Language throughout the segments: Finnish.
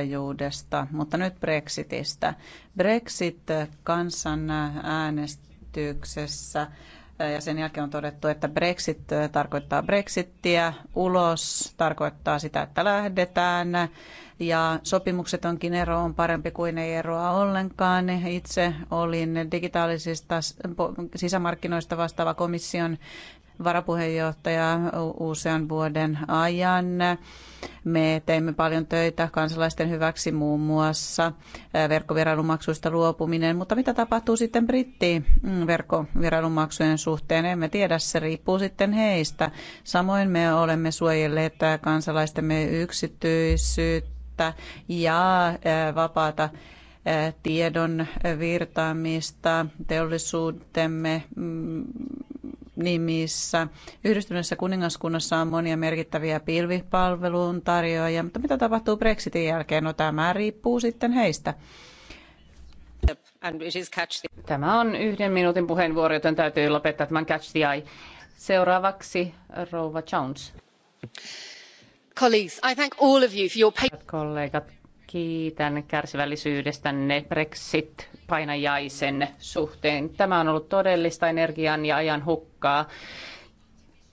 EU-jäsenyydestä, mutta nyt Brexitistä. Brexit kansan äänestyksessä ja sen jälkeen on todettu, että Brexit tarkoittaa Brexittiä, ulos tarkoittaa sitä, että lähdetään ja sopimuksetonkin ero on parempi kuin ei eroa ollenkaan. Itse olin digitaalisista sisämarkkinoista vastaava komission varapuheenjohtaja usean vuoden ajan. Me teimme paljon töitä kansalaisten hyväksi muun muassa verkkoviranomaksuista luopuminen, mutta mitä tapahtuu sitten brittiin mm, verkkoviranomaksujen suhteen, emme tiedä, se riippuu sitten heistä. Samoin me olemme suojelleet kansalaistemme yksityisyyttä ja vapaata tiedon virtaamista teollisuutemme mm, nimissä. Yhdistyneessä kuningaskunnassa on monia merkittäviä pilvipalvelun tarjoajia, mutta mitä tapahtuu Brexitin jälkeen? No tämä riippuu sitten heistä. Tämä on yhden minuutin puheenvuoro, joten täytyy lopettaa tämän Catch the Eye. Seuraavaksi Rouva Jones. Colleagues, I thank all of you for your... Kollegat, kiitän kärsivällisyydestänne Brexit painajaisen suhteen. Tämä on ollut todellista energian ja ajan hukkaa.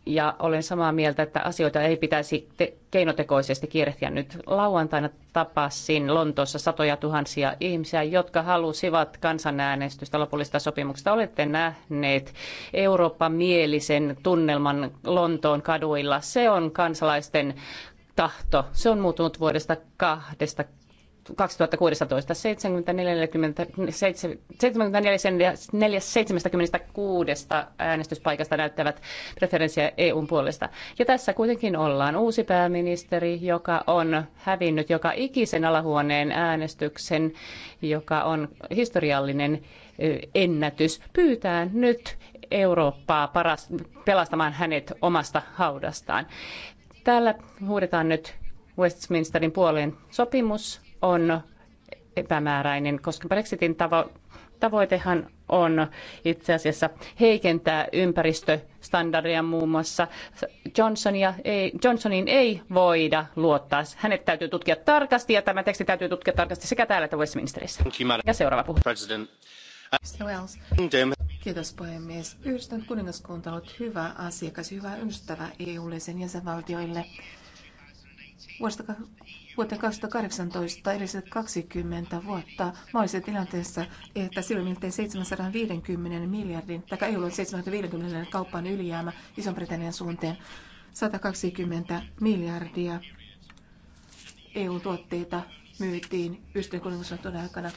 Ja olen samaa mieltä, että asioita ei pitäisi te- keinotekoisesti kiirehtiä nyt. Lauantaina tapasin Lontoossa satoja tuhansia ihmisiä, jotka halusivat kansanäänestystä lopullista sopimuksesta. Olette nähneet Eurooppa-mielisen tunnelman Lontoon kaduilla. Se on kansalaisten tahto. Se on muuttunut vuodesta kahdesta 2016 74,76 äänestyspaikasta näyttävät preferenssiä EUn puolesta. Ja tässä kuitenkin ollaan uusi pääministeri, joka on hävinnyt joka ikisen alahuoneen äänestyksen, joka on historiallinen ennätys, pyytää nyt Eurooppaa paras, pelastamaan hänet omasta haudastaan. Täällä huudetaan nyt Westminsterin puolen sopimus on epämääräinen, koska Brexitin tavo- tavoitehan on itse asiassa heikentää ympäristöstandardia muun muassa. Johnsonia ei, Johnsonin ei voida luottaa. Hänet täytyy tutkia tarkasti ja tämä teksti täytyy tutkia tarkasti sekä täällä että Westminsterissä. Ja seuraava puhuja. Kiitos puhemies. Yhdistynyt kuningaskunta on ollut hyvä asiakas, hyvä ystävä EUlle lisen jäsenvaltioille. Vuodesta Vuoteen 2018 edelliset 20 vuotta mä tilanteessa, että silloin miltei 750 miljardin, tai ei ollut 750 kauppaan ylijäämä Ison-Britannian suunteen, 120 miljardia EU-tuotteita myytiin yhdistyneen kuningaskunnan aikana.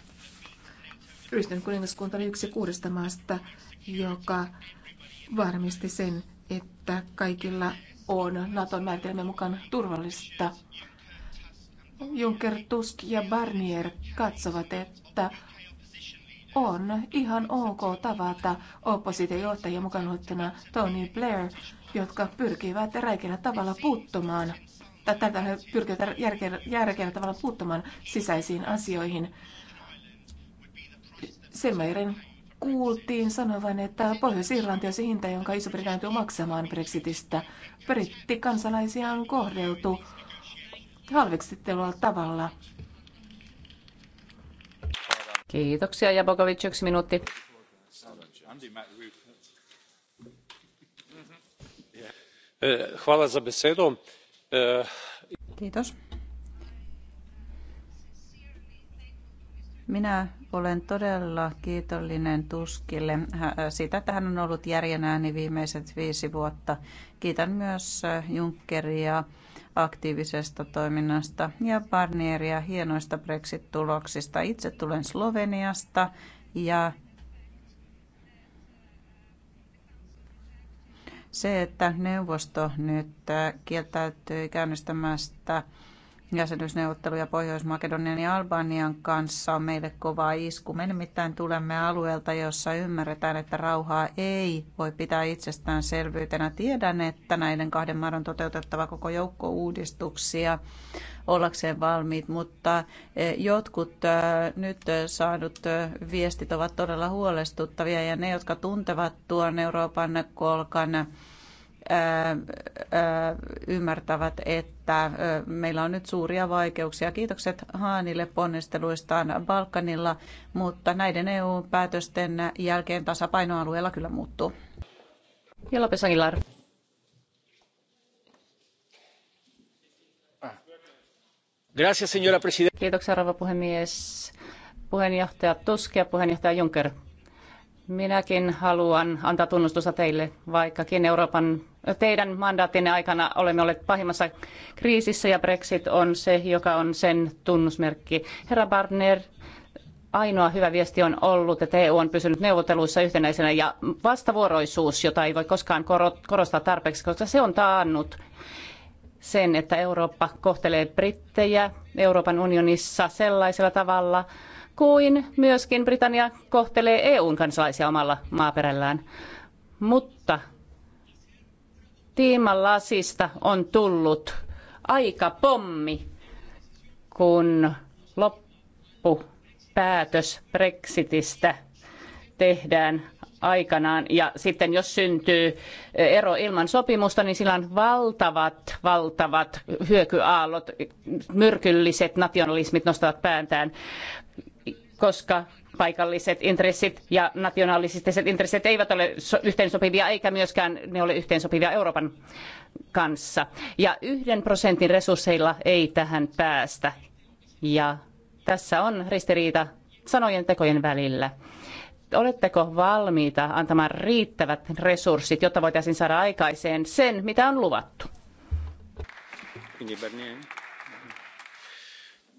Yhdistynyt kuningaskunta oli yksi kuudesta maasta, joka varmisti sen, että kaikilla on Naton määritelmän mukaan turvallista Juncker, Tusk ja Barnier katsovat, että on ihan ok tavata oppositiojohtajia mukaan ottana Tony Blair, jotka pyrkivät räikeällä tavalla puuttumaan tai tätä he pyrkivät järkevällä tavalla puuttumaan sisäisiin asioihin. Selmeirin kuultiin sanovan, että Pohjois-Irlanti on se hinta, jonka Iso-Britannia maksamaan Brexitistä. Brittikansalaisia on kohdeltu halveksittelua tavalla. Kiitoksia, Jabokovic, yksi minuutti. Eh, eh, Kiitos. Minä olen todella kiitollinen Tuskille siitä, että hän on ollut järjenääni viimeiset viisi vuotta. Kiitän myös Junckeria aktiivisesta toiminnasta ja Barnieria hienoista Brexit-tuloksista. Itse tulen Sloveniasta ja se, että neuvosto nyt kieltäytyi käynnistämästä jäsenyysneuvotteluja Pohjois-Makedonian ja Albanian kanssa on meille kova isku. Me nimittäin tulemme alueelta, jossa ymmärretään, että rauhaa ei voi pitää itsestäänselvyytenä. Tiedän, että näiden kahden maan on toteutettava koko joukko uudistuksia ollakseen valmiit, mutta e, jotkut e, nyt saadut e, viestit ovat todella huolestuttavia ja ne, jotka tuntevat tuon Euroopan kolkan, ymmärtävät, että meillä on nyt suuria vaikeuksia. Kiitokset Haanille ponnisteluistaan Balkanilla, mutta näiden EU-päätösten jälkeen tasapainoalueella kyllä muuttuu. Ja Lopes Gracias, señora Kiitoksia, rouva puhemies. Puheenjohtaja Tusk ja puheenjohtaja Juncker Minäkin haluan antaa tunnustusta teille, vaikkakin Euroopan teidän mandaattinne aikana olemme olleet pahimmassa kriisissä ja Brexit on se, joka on sen tunnusmerkki. Herra Barner, ainoa hyvä viesti on ollut, että EU on pysynyt neuvotteluissa yhtenäisenä ja vastavuoroisuus, jota ei voi koskaan korostaa tarpeeksi, koska se on taannut sen, että Eurooppa kohtelee brittejä Euroopan unionissa sellaisella tavalla, kuin myöskin Britannia kohtelee EUn kansalaisia omalla maaperällään. Mutta Tiiman lasista on tullut aika pommi, kun loppupäätös Brexitistä tehdään aikanaan. Ja sitten jos syntyy ero ilman sopimusta, niin sillä on valtavat, valtavat hyökyaallot, myrkylliset nationalismit nostavat pääntään koska paikalliset intressit ja nationalistiset intressit eivät ole yhteensopivia eikä myöskään ne ole yhteensopivia Euroopan kanssa. Ja yhden prosentin resursseilla ei tähän päästä. Ja tässä on ristiriita sanojen tekojen välillä. Oletteko valmiita antamaan riittävät resurssit, jotta voitaisiin saada aikaiseen sen, mitä on luvattu?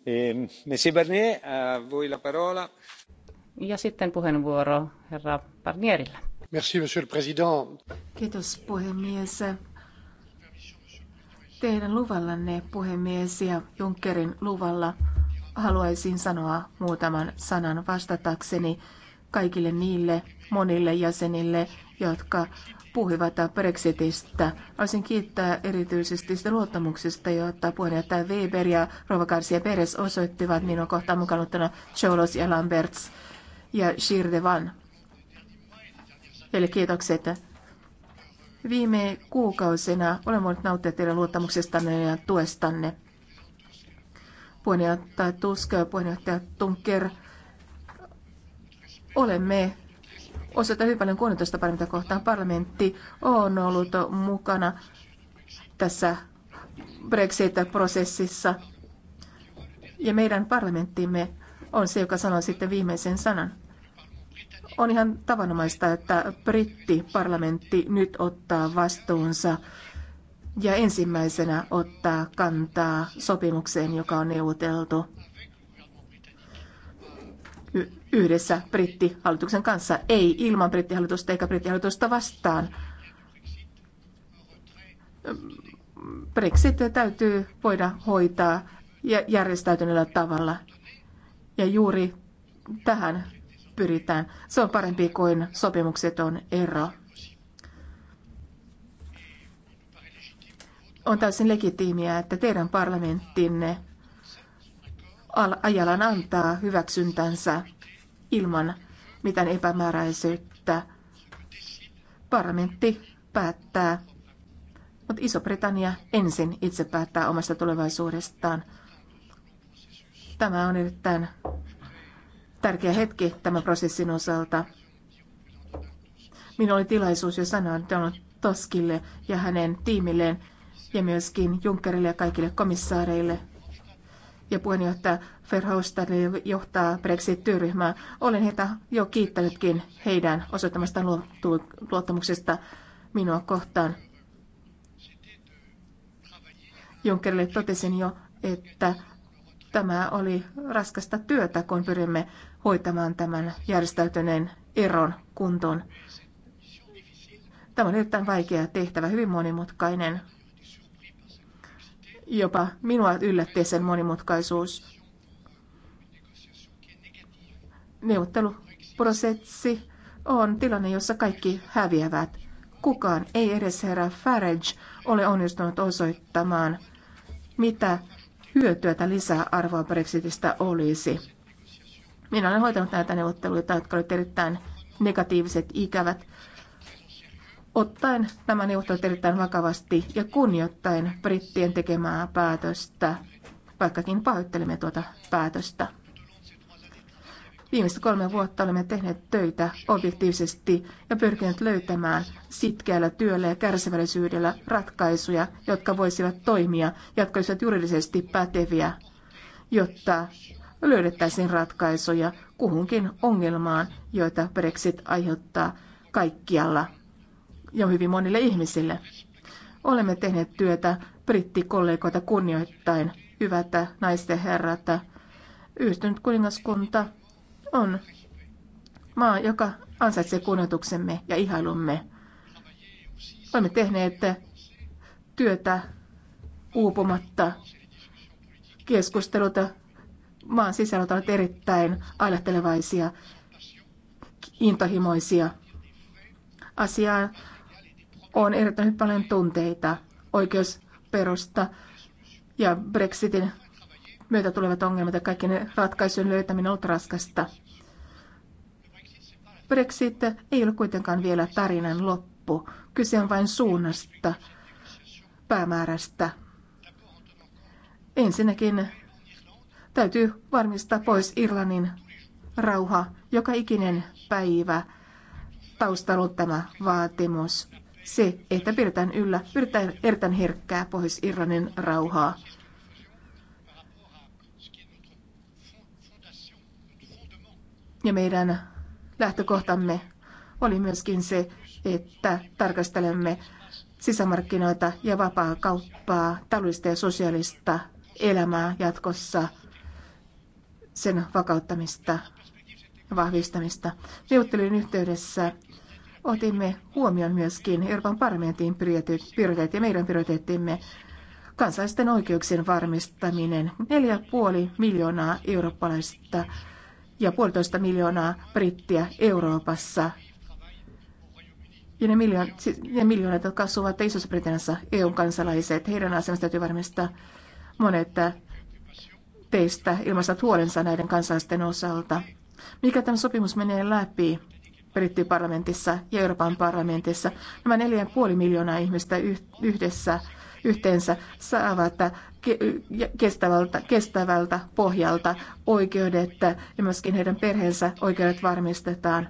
Ehm, ja sitten puheenvuoro herra Barnierillä. Kiitos puhemies. Teidän luvallanne, puhemies, ja Junckerin luvalla haluaisin sanoa muutaman sanan vastatakseni kaikille niille monille jäsenille, jotka puhuivat Brexitistä. Haluaisin kiittää erityisesti sitä luottamuksesta, jota puheenjohtaja Weber ja Rova Garcia Perez osoittivat minun kohtaan mukaan Cholos ja Lamberts ja Shirdevan. Eli kiitokset. Viime kuukausina olen voinut nauttia teidän luottamuksestanne ja tuestanne. Puheenjohtaja Tusk ja puheenjohtaja Tunker, olemme osoittaa hyvin paljon kunnioitusta parlamentia kohtaan. Parlamentti on ollut mukana tässä Brexit-prosessissa. Ja meidän parlamenttimme on se, joka sanoo sitten viimeisen sanan. On ihan tavanomaista, että brittiparlamentti nyt ottaa vastuunsa ja ensimmäisenä ottaa kantaa sopimukseen, joka on neuvoteltu yhdessä brittihallituksen kanssa, ei ilman brittihallitusta eikä brittihallitusta vastaan. Brexit täytyy voida hoitaa järjestäytyneellä tavalla. Ja juuri tähän pyritään. Se on parempi kuin sopimukset on ero. On täysin legitiimiä, että teidän parlamenttinne Ajalan antaa hyväksyntänsä ilman mitään epämääräisyyttä. Parlamentti päättää, mutta Iso-Britannia ensin itse päättää omasta tulevaisuudestaan. Tämä on erittäin tärkeä hetki tämän prosessin osalta. Minulla oli tilaisuus jo sanoa Donald Toskille ja hänen tiimilleen ja myöskin Junckerille ja kaikille komissaareille ja puheenjohtaja Verhofstadille johtaa Brexit-työryhmää. Olen heitä jo kiittänytkin heidän osoittamasta luottamuksesta minua kohtaan. Junckerille totesin jo, että tämä oli raskasta työtä, kun pyrimme hoitamaan tämän järjestäytyneen eron kuntoon. Tämä on erittäin vaikea tehtävä, hyvin monimutkainen Jopa minua yllätti sen monimutkaisuus. Neuvotteluprosessi on tilanne, jossa kaikki häviävät. Kukaan, ei edes herra Farage, ole onnistunut osoittamaan, mitä hyötyä tai lisäarvoa Brexitistä olisi. Minä olen hoitanut näitä neuvotteluita, jotka olivat erittäin negatiiviset, ikävät ottaen nämä neuvottelut erittäin vakavasti ja kunnioittain brittien tekemää päätöstä, vaikkakin pahoittelemme tuota päätöstä. viimeistä kolme vuotta olemme tehneet töitä objektiivisesti ja pyrkineet löytämään sitkeällä työllä ja kärsivällisyydellä ratkaisuja, jotka voisivat toimia, jotka olisivat juridisesti päteviä, jotta löydettäisiin ratkaisuja kuhunkin ongelmaan, joita Brexit aiheuttaa kaikkialla ja hyvin monille ihmisille. Olemme tehneet työtä brittikollegoita kunnioittain. Hyvät naisten herrat, Yhtynyt kuningaskunta on maa, joka ansaitsee kunnioituksemme ja ihailumme. Olemme tehneet työtä uupumatta. Keskustelut maan sisällä ovat erittäin ailehtelevaisia, intohimoisia. Asiaa on erittäin paljon tunteita oikeusperusta ja Brexitin myötä tulevat ongelmat ja kaikki ne ratkaisujen löytäminen on ollut raskasta. Brexit ei ole kuitenkaan vielä tarinan loppu. Kyse on vain suunnasta, päämäärästä. Ensinnäkin täytyy varmistaa pois Irlannin rauha joka ikinen päivä. Taustalla tämä vaatimus se, että pidetään yllä, pidetään erittäin herkkää Pohjois-Irlannin rauhaa. Ja meidän lähtökohtamme oli myöskin se, että tarkastelemme sisämarkkinoita ja vapaa kauppaa, taloudellista ja sosiaalista elämää jatkossa, sen vakauttamista ja vahvistamista. Neuvottelujen yhteydessä otimme huomioon myöskin Euroopan parlamentin prioriteetti ja meidän prioriteettimme kansalaisten oikeuksien varmistaminen. 4,5 miljoonaa eurooppalaista ja puolitoista miljoonaa brittiä Euroopassa. Ja ne, miljoon, siis ne miljoonat, jotka asuvat isossa britanniassa EUn kansalaiset, heidän asemansa täytyy varmistaa monet teistä ilmaisivat huolensa näiden kansalaisten osalta. Mikä tämä sopimus menee läpi? parlamentissa ja Euroopan parlamentissa. Nämä 4,5 miljoonaa ihmistä yhdessä yhteensä saavat kestävältä, kestävältä pohjalta oikeudet ja myöskin heidän perheensä oikeudet varmistetaan.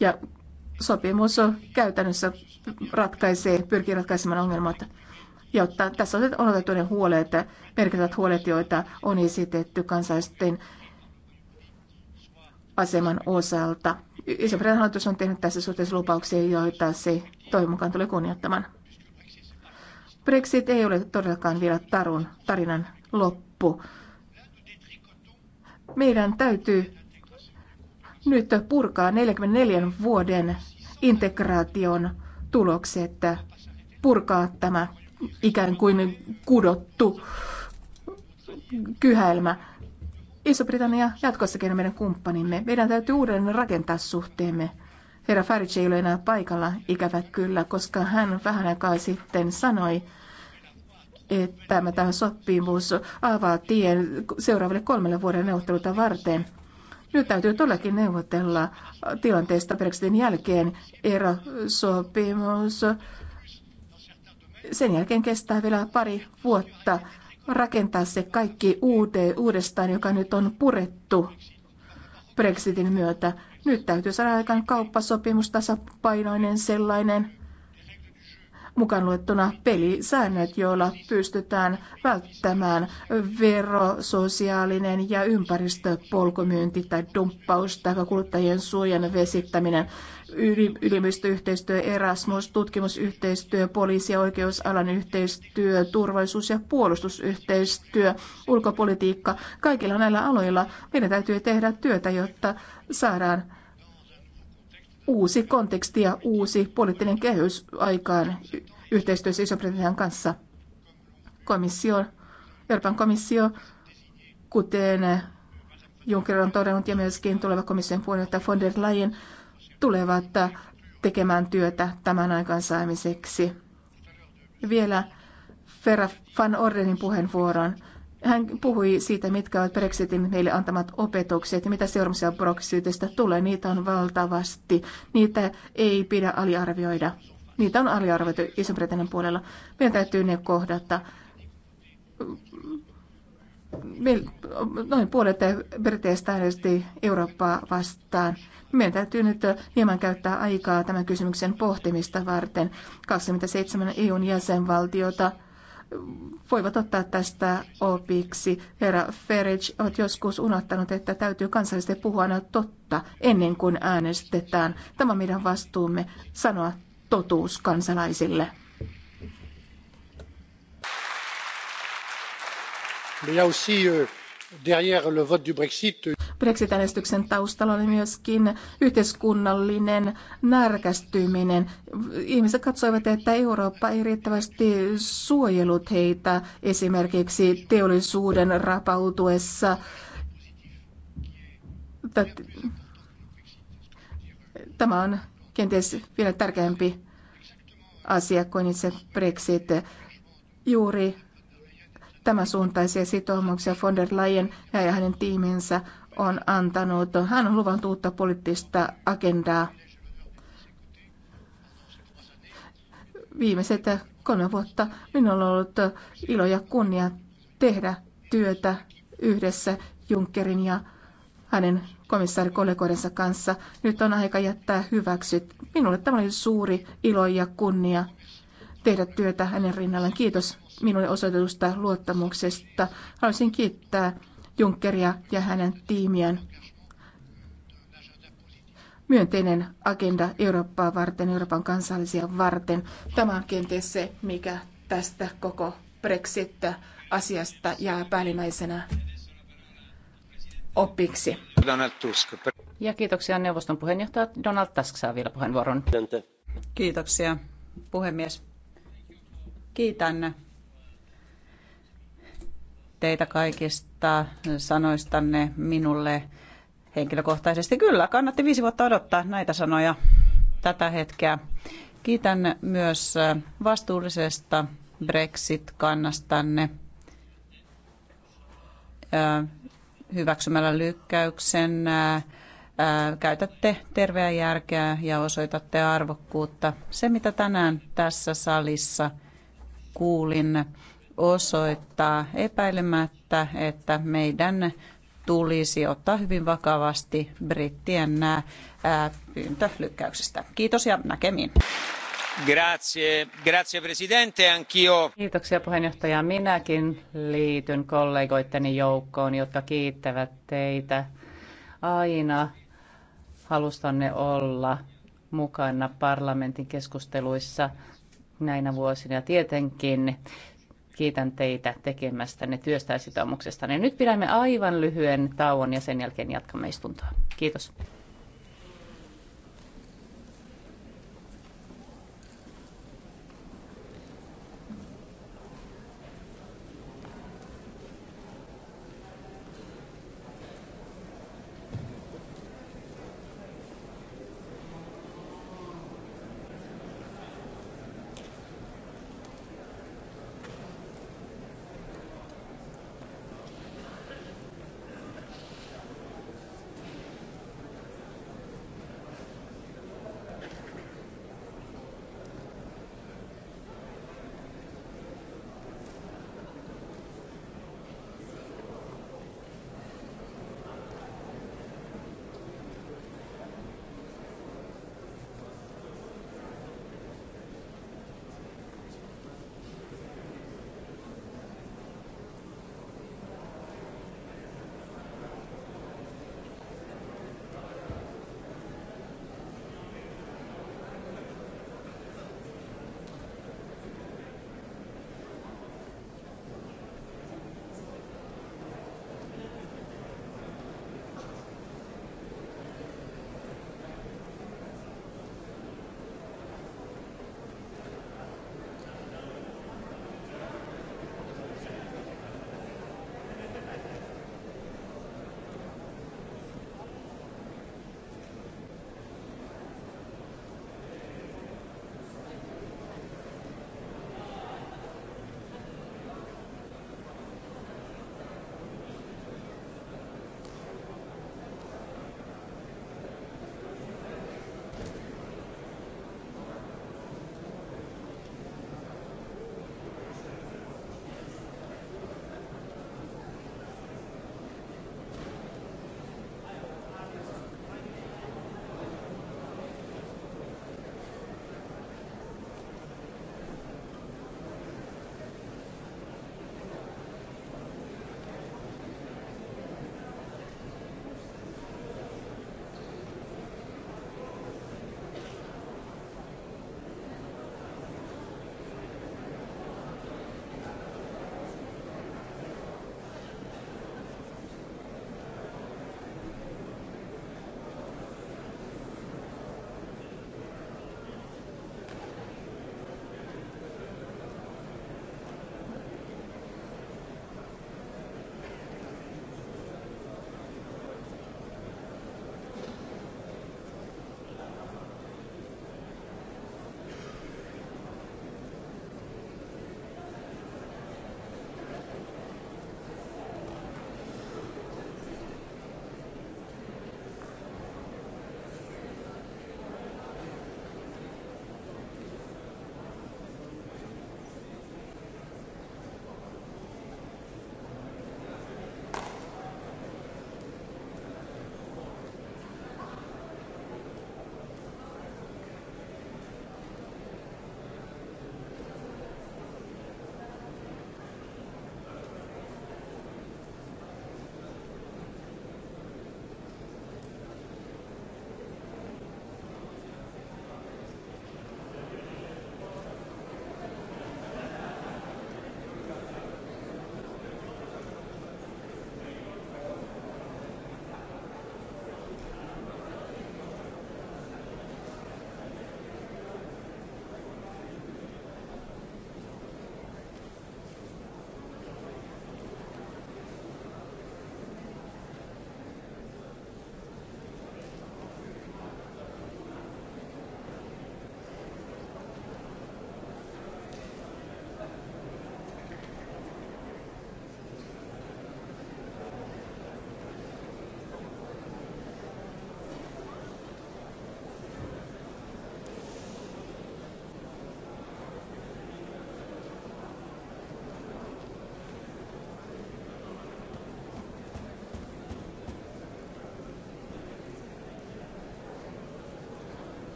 Ja sopimus käytännössä ratkaisee, pyrkii ratkaisemaan ongelmat. Ja tässä on otettu ne huolet, merkittävät huolet, joita on esitetty kansalaisten aseman osalta. iso hallitus on tehnyt tässä suhteessa lupauksia, joita se toivon mukaan tulee kunnioittamaan. Brexit ei ole todellakaan vielä tarun, tarinan loppu. Meidän täytyy nyt purkaa 44 vuoden integraation tulokset, purkaa tämä ikään kuin kudottu kyhäelmä. Iso-Britannia jatkossakin on meidän kumppanimme. Meidän täytyy uudelleen rakentaa suhteemme. Herra Farage ei ole enää paikalla, ikävä kyllä, koska hän vähän aikaa sitten sanoi, että tämä sopimus avaa tien seuraaville kolmelle vuoden neuvotteluta varten. Nyt täytyy todellakin neuvotella tilanteesta Brexitin jälkeen erosopimus. Sen jälkeen kestää vielä pari vuotta rakentaa se kaikki uuteen, uudestaan, joka nyt on purettu Brexitin myötä. Nyt täytyy saada aikaan kauppasopimus, tasapainoinen sellainen, mukaan luettuna pelisäännöt, joilla pystytään välttämään vero, sosiaalinen ja ympäristöpolkumyynti tai dumppaus tai kuluttajien suojan vesittäminen yliopistoyhteistyö, Erasmus, tutkimusyhteistyö, poliisi- ja oikeusalan yhteistyö, turvallisuus- ja puolustusyhteistyö, ulkopolitiikka. Kaikilla näillä aloilla meidän täytyy tehdä työtä, jotta saadaan uusi konteksti ja uusi poliittinen kehys aikaan yhteistyössä Iso-Britannian kanssa. Komissio, Euroopan komissio, kuten Juncker on todennut ja myöskin tuleva komission puheenjohtaja von der Leyen tulevat tekemään työtä tämän aikaansaamiseksi. Vielä Ferra van Ordenin puheenvuoron. Hän puhui siitä, mitkä ovat Brexitin meille antamat opetukset ja mitä seuraamuksia Brexitistä tulee. Niitä on valtavasti. Niitä ei pidä aliarvioida. Niitä on aliarvioitu Iso-Britannian puolella. Meidän täytyy ne kohdata. Noin puolet Briteistä äänesti Eurooppaa vastaan. Meidän täytyy nyt hieman käyttää aikaa tämän kysymyksen pohtimista varten. 27 EUn jäsenvaltiota – voivat ottaa tästä opiksi. Herra Ferage on joskus unohtanut, että täytyy kansallisesti puhua aina totta ennen kuin äänestetään. Tämä on meidän vastuumme sanoa totuus kansalaisille. il y a aussi euh, derrière le vote du Brexit Brexit-äänestyksen taustalla oli myöskin yhteiskunnallinen närkästyminen. Ihmiset katsoivat, että Eurooppa ei riittävästi suojellut heitä esimerkiksi teollisuuden rapautuessa tämä on kenties vielä tärkeämpi asia kuin itse Brexit. Juuri tämä suuntaisia sitoumuksia von der Leyen ja hänen tiiminsä on antanut. Hän on luvannut uutta poliittista agendaa. Viimeiset kolme vuotta minulla on ollut ilo ja kunnia tehdä työtä yhdessä Junckerin ja hänen komissaarikollegoidensa kanssa. Nyt on aika jättää hyväksyt. Minulle tämä oli suuri ilo ja kunnia tehdä työtä hänen rinnallaan. Kiitos minulle osoitetusta luottamuksesta. Haluaisin kiittää Junckeria ja hänen tiimiään. Myönteinen agenda Eurooppaa varten, Euroopan kansallisia varten. Tämä on kenties se, mikä tästä koko Brexit-asiasta jää päällimmäisenä opiksi. Donald Tusk. Ja kiitoksia neuvoston puheenjohtaja Donald Tusk saa vielä puheenvuoron. Kiitoksia puhemies. Kiitän teitä kaikista sanoistanne minulle henkilökohtaisesti. Kyllä, kannatti viisi vuotta odottaa näitä sanoja tätä hetkeä. Kiitän myös vastuullisesta Brexit-kannastanne hyväksymällä lykkäyksen. Käytätte terveä järkeä ja osoitatte arvokkuutta. Se, mitä tänään tässä salissa kuulin, osoittaa epäilemättä, että meidän tulisi ottaa hyvin vakavasti brittien ää, pyyntö lykkäyksestä. Kiitos ja näkemiin. Grazie, grazie presidente, anch'io. Kiitoksia puheenjohtaja. Minäkin liityn kollegoitteni joukkoon, jotka kiittävät teitä aina halustanne olla mukana parlamentin keskusteluissa näinä vuosina. Tietenkin Kiitän teitä ne työstä ja sitoumuksesta. Nyt pidämme aivan lyhyen tauon ja sen jälkeen jatkamme istuntoa. Kiitos.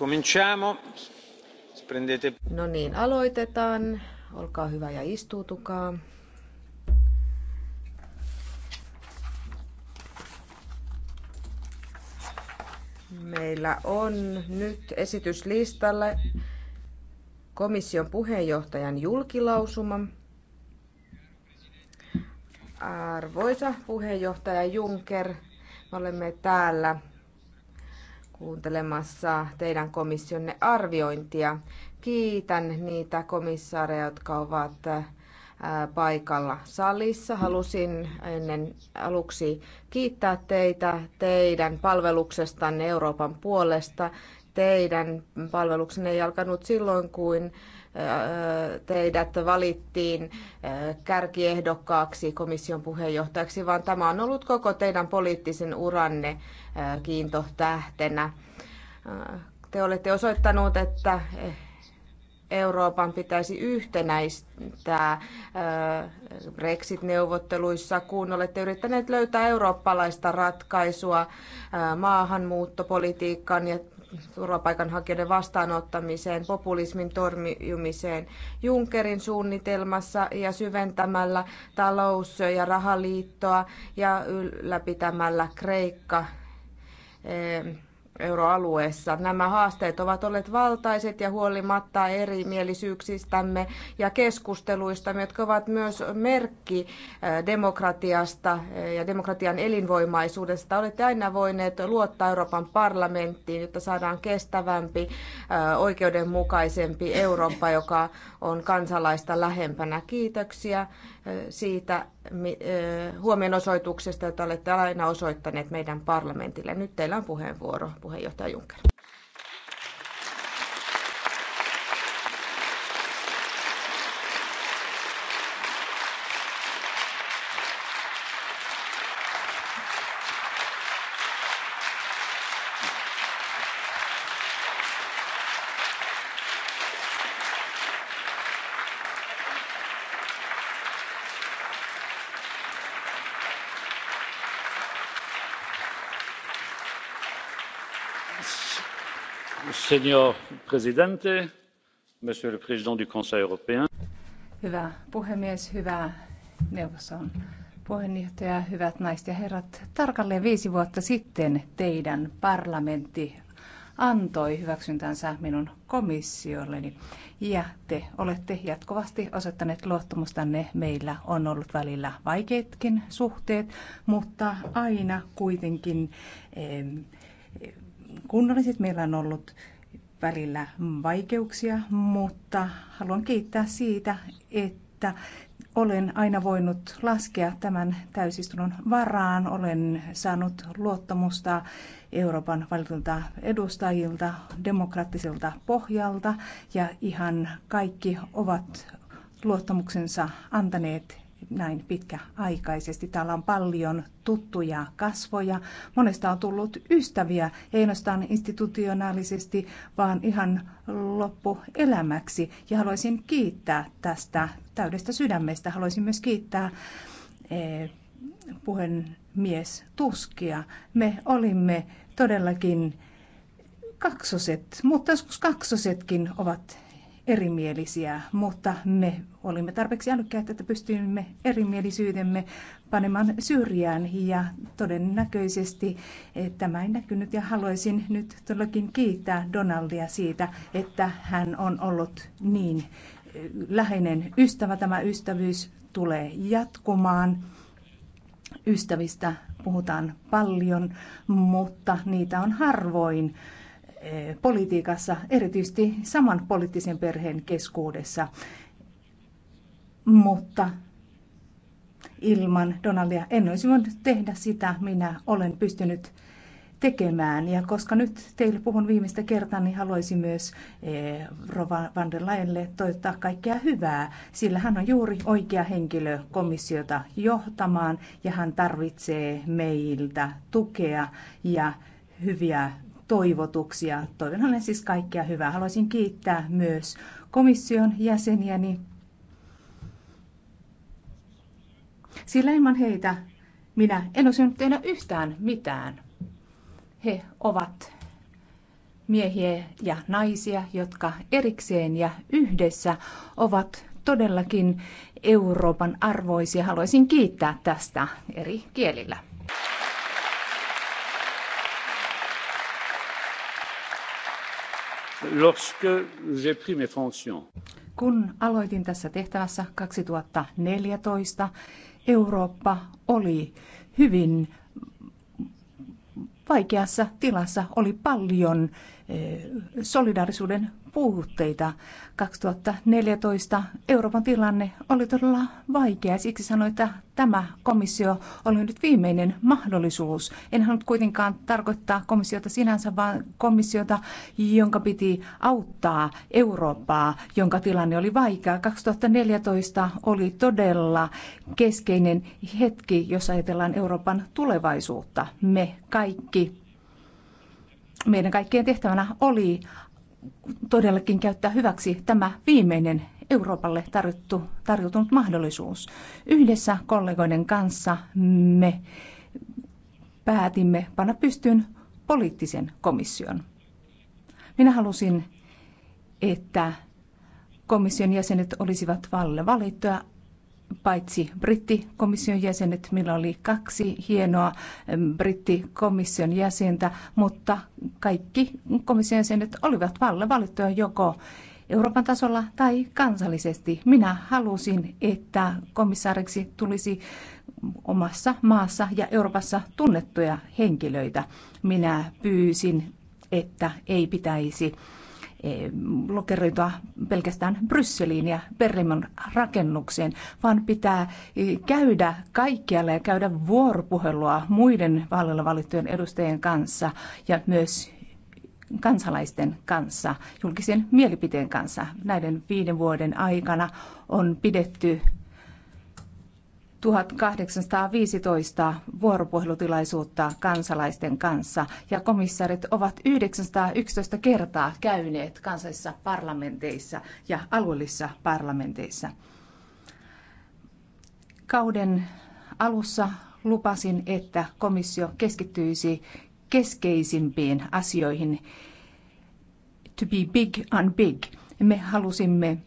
Cominciamo. Prendete... No niin, aloitetaan. Olkaa hyvä ja istuutukaa. Meillä on nyt esityslistalle komission puheenjohtajan julkilausuma. Arvoisa puheenjohtaja Juncker, me olemme täällä kuuntelemassa teidän komissionne arviointia. Kiitän niitä komissaareja, jotka ovat äh, paikalla salissa. Halusin ennen aluksi kiittää teitä teidän palveluksestanne Euroopan puolesta. Teidän palveluksenne ei alkanut silloin, kuin teidät valittiin kärkiehdokkaaksi komission puheenjohtajaksi, vaan tämä on ollut koko teidän poliittisen uranne kiintotähtenä. Te olette osoittanut, että eh, Euroopan pitäisi yhtenäistää Brexit-neuvotteluissa, kun olette yrittäneet löytää eurooppalaista ratkaisua maahanmuuttopolitiikkaan ja turvapaikanhakijoiden vastaanottamiseen, populismin torjumiseen Junckerin suunnitelmassa ja syventämällä talous- ja rahaliittoa ja ylläpitämällä Kreikka eh, euroalueessa. Nämä haasteet ovat olleet valtaiset ja huolimatta erimielisyyksistämme ja keskusteluistamme, jotka ovat myös merkki eh, demokratiasta eh, ja demokratian elinvoimaisuudesta. Olette aina voineet luottaa Euroopan parlamenttiin, jotta saadaan kestävämpi, eh, oikeudenmukaisempi Eurooppa, joka on kansalaista lähempänä. Kiitoksia siitä huomionosoituksesta, jota olette aina osoittaneet meidän parlamentille. Nyt teillä on puheenvuoro, puheenjohtaja Juncker. hyvä puhemies hyvä neuvoston puheenjohtaja hyvät naiset ja herrat tarkalleen viisi vuotta sitten teidän parlamentti antoi hyväksyntänsä minun komissiolleni. Ja te olette jatkuvasti osoittaneet luottamustanne. Meillä on ollut välillä vaikeatkin suhteet, mutta aina kuitenkin kunnolliset. Meillä on ollut välillä vaikeuksia, mutta haluan kiittää siitä, että olen aina voinut laskea tämän täysistunnon varaan. Olen saanut luottamusta Euroopan valitulta edustajilta demokraattiselta pohjalta ja ihan kaikki ovat luottamuksensa antaneet näin pitkäaikaisesti. Täällä on paljon tuttuja kasvoja. Monesta on tullut ystäviä, ei ainoastaan institutionaalisesti, vaan ihan loppuelämäksi. Ja haluaisin kiittää tästä täydestä sydämestä. Haluaisin myös kiittää eh, puhemies Tuskia. Me olimme todellakin kaksoset, mutta joskus kaksosetkin ovat erimielisiä, mutta me olimme tarpeeksi älykkäitä, että pystyimme erimielisyytemme panemaan syrjään ja todennäköisesti eh, tämä ei näkynyt ja haluaisin nyt todellakin kiittää Donaldia siitä, että hän on ollut niin eh, läheinen ystävä. Tämä ystävyys tulee jatkumaan ystävistä puhutaan paljon, mutta niitä on harvoin. Eh, politiikassa, erityisesti saman poliittisen perheen keskuudessa. Mutta ilman Donaldia en olisi voinut tehdä sitä, minä olen pystynyt tekemään. Ja koska nyt teille puhun viimeistä kertaa, niin haluaisin myös eh, Rova van der Leyenlle toivottaa kaikkea hyvää, sillä hän on juuri oikea henkilö komissiota johtamaan ja hän tarvitsee meiltä tukea ja hyviä toivotuksia. Toivon hänelle siis kaikkea hyvää. Haluaisin kiittää myös komission jäseniäni, sillä ilman heitä minä en olisi nyt tehdä yhtään mitään. He ovat miehiä ja naisia, jotka erikseen ja yhdessä ovat todellakin Euroopan arvoisia. Haluaisin kiittää tästä eri kielillä. Kun aloitin tässä tehtävässä 2014, Eurooppa oli hyvin vaikeassa tilassa, oli paljon eh, solidaarisuuden puutteita. 2014 Euroopan tilanne oli todella vaikea. Siksi sanoin, että tämä komissio oli nyt viimeinen mahdollisuus. En halunnut kuitenkaan tarkoittaa komissiota sinänsä, vaan komissiota, jonka piti auttaa Eurooppaa, jonka tilanne oli vaikea. 2014 oli todella keskeinen hetki, jos ajatellaan Euroopan tulevaisuutta. Me kaikki meidän kaikkien tehtävänä oli todellakin käyttää hyväksi tämä viimeinen Euroopalle tarjottu, tarjotunut mahdollisuus. Yhdessä kollegoiden kanssa me päätimme panna pystyyn poliittisen komission. Minä halusin, että komission jäsenet olisivat valle valittuja paitsi brittikomission jäsenet, millä oli kaksi hienoa brittikomission jäsentä, mutta kaikki komission jäsenet olivat valle valittuja joko Euroopan tasolla tai kansallisesti. Minä halusin, että komissaariksi tulisi omassa maassa ja Euroopassa tunnettuja henkilöitä. Minä pyysin, että ei pitäisi Eh, lokeroitua pelkästään Brysseliin ja Berlimon rakennukseen, vaan pitää eh, käydä kaikkialla ja käydä vuoropuhelua muiden vaaleilla valittujen edustajien kanssa ja myös kansalaisten kanssa, julkisen mielipiteen kanssa. Näiden viiden vuoden aikana on pidetty 1815 vuoropuhelutilaisuutta kansalaisten kanssa ja komissaarit ovat 911 kertaa käyneet kansallisissa parlamenteissa ja alueellisissa parlamenteissa. Kauden alussa lupasin, että komissio keskittyisi keskeisimpiin asioihin to be big on big. Me halusimme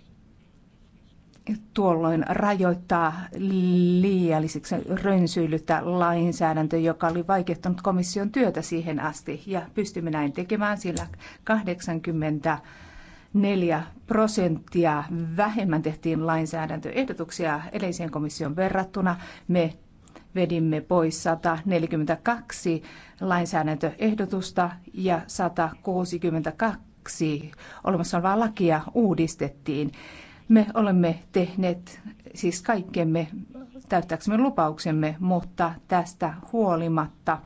tuolloin rajoittaa liialliseksi rönsyilyttä lainsäädäntö, joka oli vaikeuttanut komission työtä siihen asti. Ja pystymme näin tekemään, sillä 84 prosenttia vähemmän tehtiin lainsäädäntöehdotuksia edelliseen komission verrattuna. Me vedimme pois 142 lainsäädäntöehdotusta ja 162 olemassa olevaa lakia uudistettiin. Me olemme tehneet siis kaikkemme täyttääksemme lupauksemme, mutta tästä huolimatta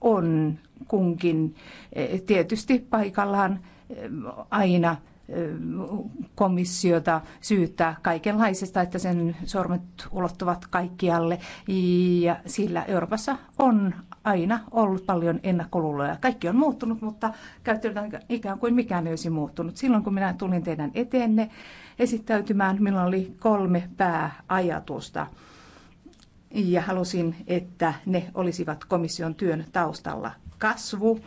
on kunkin e, tietysti paikallaan e, aina e, komissiota syyttää kaikenlaisesta, että sen sormet ulottuvat kaikkialle. Ja sillä Euroopassa on aina ollut paljon ennakkoluuloja. Kaikki on muuttunut, mutta käyttöön ikään kuin mikään ei olisi muuttunut. Silloin kun minä tulin teidän eteenne, esittäytymään. Minulla oli kolme pääajatusta ja halusin, että ne olisivat komission työn taustalla. Kasvu,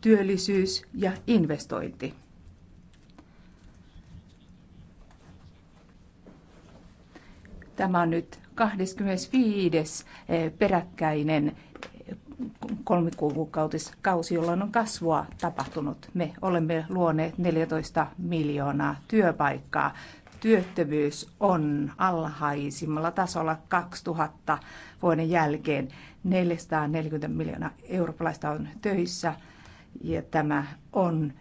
työllisyys ja investointi. Tämä on nyt 25. Eh, peräkkäinen kolmikuukautiskausi, jolloin on kasvua tapahtunut. Me olemme luoneet 14 miljoonaa työpaikkaa. Työttömyys on alhaisimmalla tasolla 2000 vuoden jälkeen. 440 miljoonaa eurooppalaista on töissä ja tämä on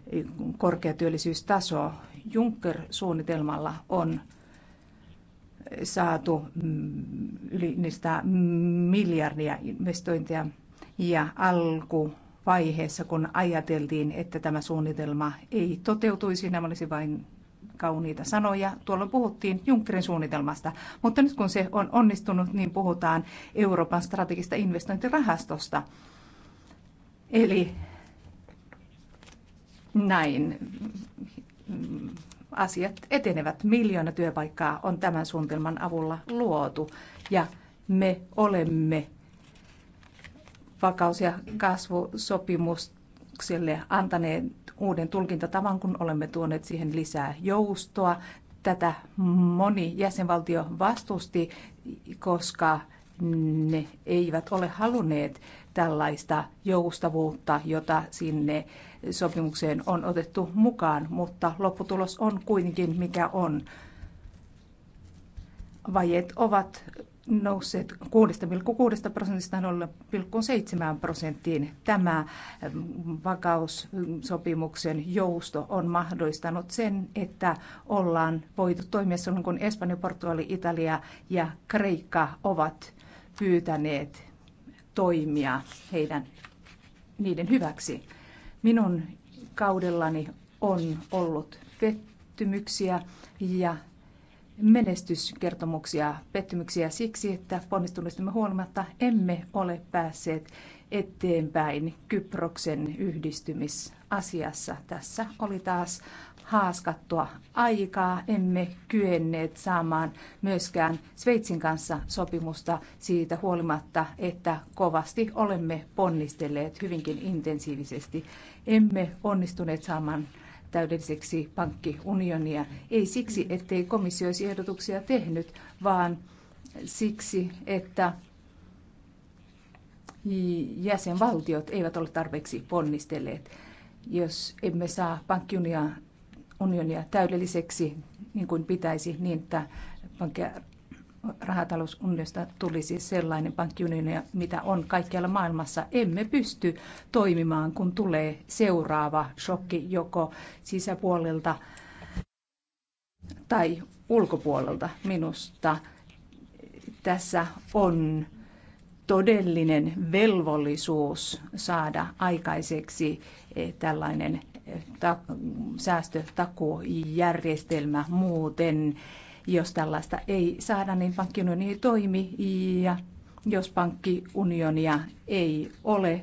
korkea työllisyystaso. Juncker-suunnitelmalla on saatu mm, yli niistä miljardia investointeja ja alku vaiheessa, kun ajateltiin, että tämä suunnitelma ei toteutuisi, nämä olisi vain kauniita sanoja. Tuolloin puhuttiin Junckerin suunnitelmasta, mutta nyt kun se on onnistunut, niin puhutaan Euroopan strategista investointirahastosta. Eli näin asiat etenevät. Miljoona työpaikkaa on tämän suunnitelman avulla luotu ja me olemme vakaus- ja kasvusopimukselle antaneet uuden tulkintatavan, kun olemme tuoneet siihen lisää joustoa. Tätä moni jäsenvaltio vastusti, koska ne eivät ole halunneet tällaista joustavuutta, jota sinne sopimukseen on otettu mukaan, mutta lopputulos on kuitenkin mikä on. Vajet ovat nousseet 6,6 prosentista 0,7 prosenttiin. Tämä vakaussopimuksen jousto on mahdollistanut sen, että ollaan voitu toimia silloin, kun Espanja, Portugali, Italia ja Kreikka ovat pyytäneet toimia heidän, niiden hyväksi. Minun kaudellani on ollut pettymyksiä ja menestyskertomuksia, pettymyksiä siksi, että ponnistumistamme huolimatta emme ole päässeet eteenpäin Kyproksen yhdistymisasiassa. Tässä oli taas haaskattua aikaa. Emme kyenneet saamaan myöskään Sveitsin kanssa sopimusta siitä huolimatta, että kovasti olemme ponnistelleet hyvinkin intensiivisesti. Emme onnistuneet saamaan täydelliseksi pankkiunionia. Ei siksi, ettei komissio olisi ehdotuksia tehnyt, vaan siksi, että jäsenvaltiot eivät ole tarpeeksi ponnistelleet. Jos emme saa pankkiunionia unionia täydelliseksi, niin kuin pitäisi, niin että pankkia rahatalousunionista tulisi siis sellainen pankkiunioni, mitä on kaikkialla maailmassa. Emme pysty toimimaan, kun tulee seuraava shokki joko sisäpuolelta tai ulkopuolelta. Minusta tässä on todellinen velvollisuus saada aikaiseksi eh, tällainen eh, säästötakujärjestelmä muuten jos tällaista ei saada, niin pankkiunioni ei toimi ja jos pankkiunionia ei ole,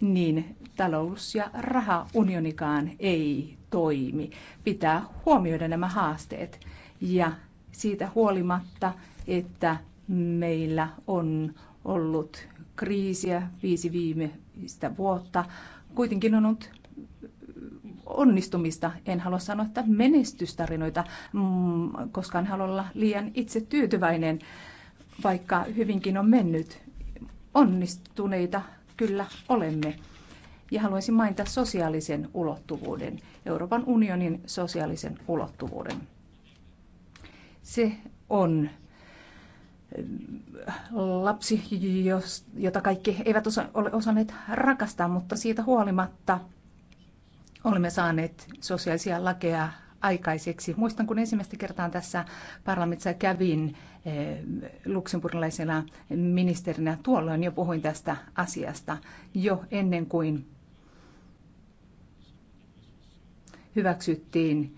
niin talous- ja rahaunionikaan ei toimi. Pitää huomioida nämä haasteet ja siitä huolimatta, että meillä on ollut kriisiä viisi viimeistä vuotta, kuitenkin on ollut onnistumista. En halua sanoa, että menestystarinoita, mm, koska en halua olla liian itse tyytyväinen, vaikka hyvinkin on mennyt. Onnistuneita kyllä olemme. Ja haluaisin mainita sosiaalisen ulottuvuuden, Euroopan unionin sosiaalisen ulottuvuuden. Se on mm, lapsi, jota kaikki eivät osa, ole osanneet rakastaa, mutta siitä huolimatta – olemme saaneet sosiaalisia lakeja aikaiseksi. Muistan, kun ensimmäistä kertaa tässä parlamentissa kävin eh, luksemburgilaisena ministerinä, tuolloin jo puhuin tästä asiasta jo ennen kuin hyväksyttiin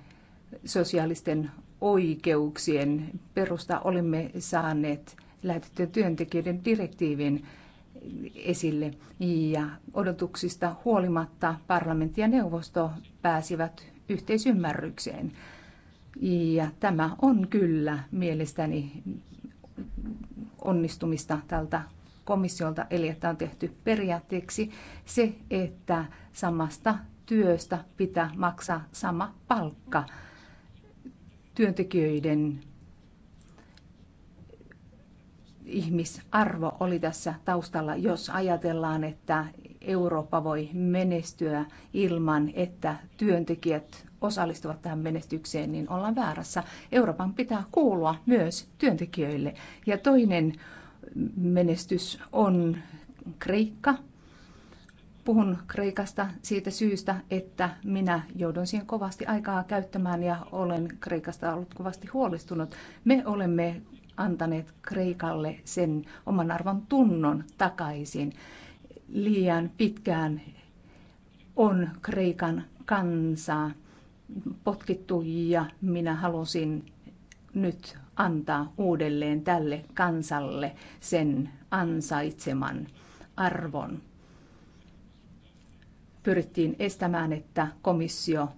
sosiaalisten oikeuksien perusta. Olimme saaneet lähetettyjen työntekijöiden direktiivin esille ja odotuksista huolimatta parlamentti ja neuvosto pääsivät yhteisymmärrykseen. Ja tämä on kyllä mielestäni onnistumista tältä komissiolta, eli että on tehty periaatteeksi se, että samasta työstä pitää maksaa sama palkka työntekijöiden ihmisarvo oli tässä taustalla, jos ajatellaan, että Eurooppa voi menestyä ilman, että työntekijät osallistuvat tähän menestykseen, niin ollaan väärässä. Euroopan pitää kuulua myös työntekijöille. Ja toinen menestys on Kreikka. Puhun Kreikasta siitä syystä, että minä joudun siihen kovasti aikaa käyttämään ja olen Kreikasta ollut kovasti huolestunut. Me olemme antaneet Kreikalle sen oman arvon tunnon takaisin. Liian pitkään on Kreikan kansaa potkittu ja minä halusin nyt antaa uudelleen tälle kansalle sen ansaitseman arvon. Pyrittiin estämään, että komissio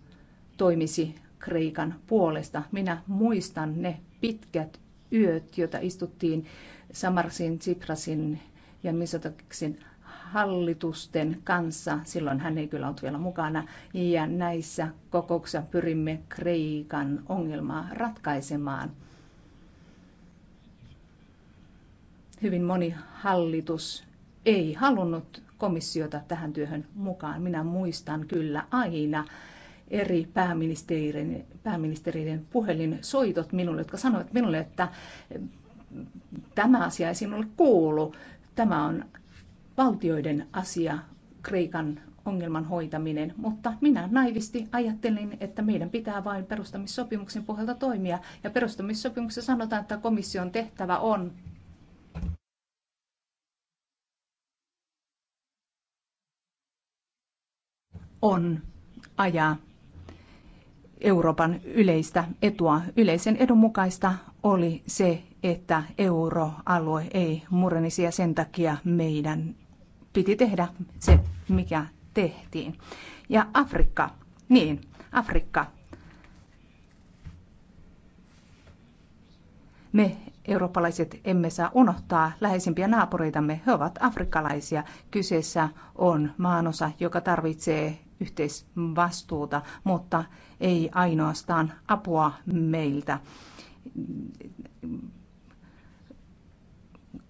toimisi Kreikan puolesta. Minä muistan ne pitkät yöt, jota istuttiin Samarsin, Tsiprasin ja Misotoksin hallitusten kanssa. Silloin hän ei kyllä ollut vielä mukana. Ja näissä kokouksissa pyrimme Kreikan ongelmaa ratkaisemaan. Hyvin moni hallitus ei halunnut komissiota tähän työhön mukaan. Minä muistan kyllä aina eri pääministeriiden puhelin puhelinsoitot minulle, jotka sanoivat minulle, että tämä asia ei sinulle kuulu. Tämä on valtioiden asia, Kreikan ongelman hoitaminen, mutta minä naivisti ajattelin, että meidän pitää vain perustamissopimuksen pohjalta toimia. Ja perustamissopimuksessa sanotaan, että komission tehtävä on on ajaa Euroopan yleistä etua. Yleisen edun mukaista oli se, että euroalue ei murenisi ja sen takia meidän piti tehdä se, mikä tehtiin. Ja Afrikka, niin, Afrikka. Me eurooppalaiset emme saa unohtaa läheisimpiä naapureitamme. He ovat afrikkalaisia. Kyseessä on maanosa, joka tarvitsee yhteisvastuuta, mutta ei ainoastaan apua meiltä.